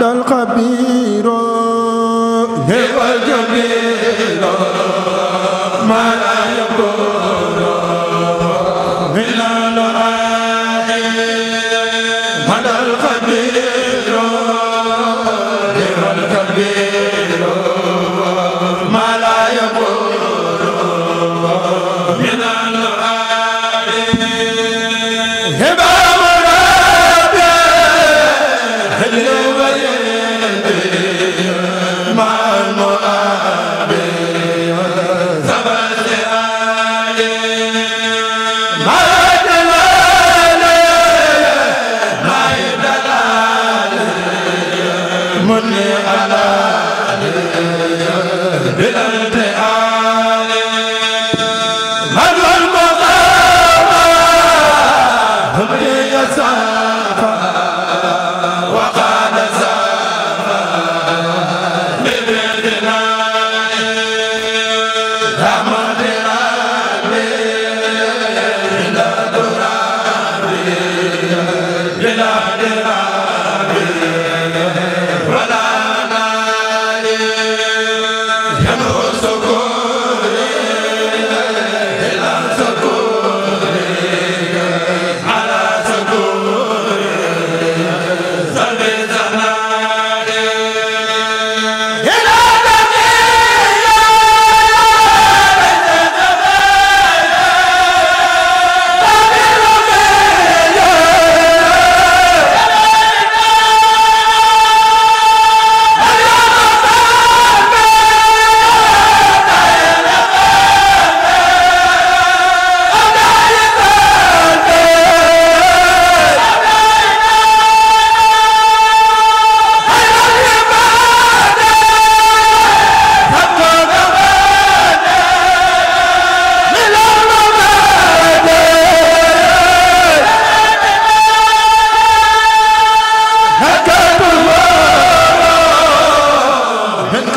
الخبير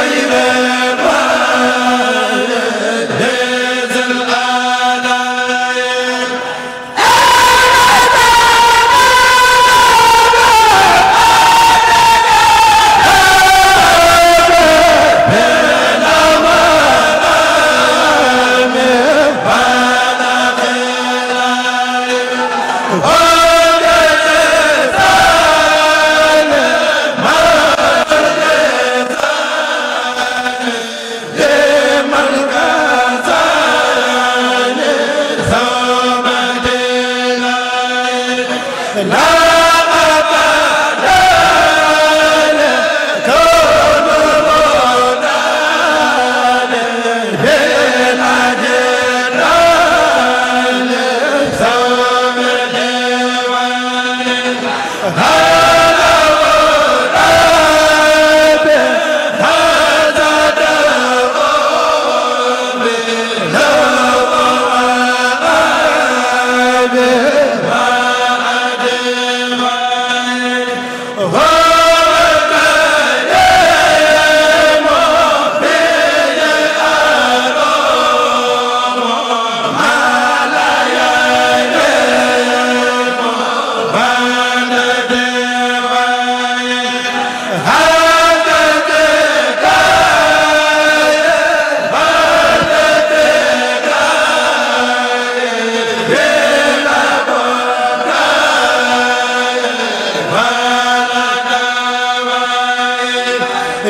طيبا la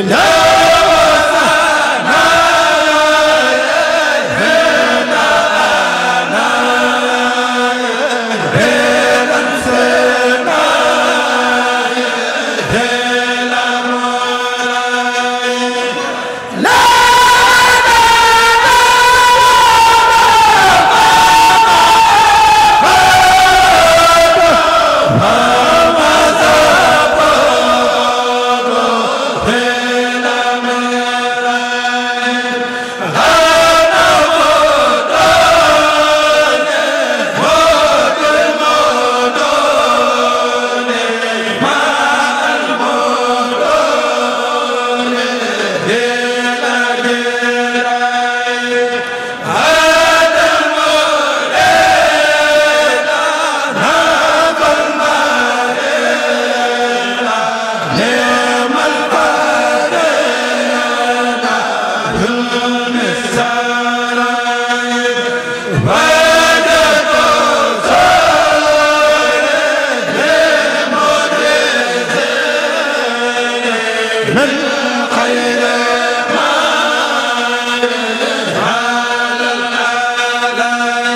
la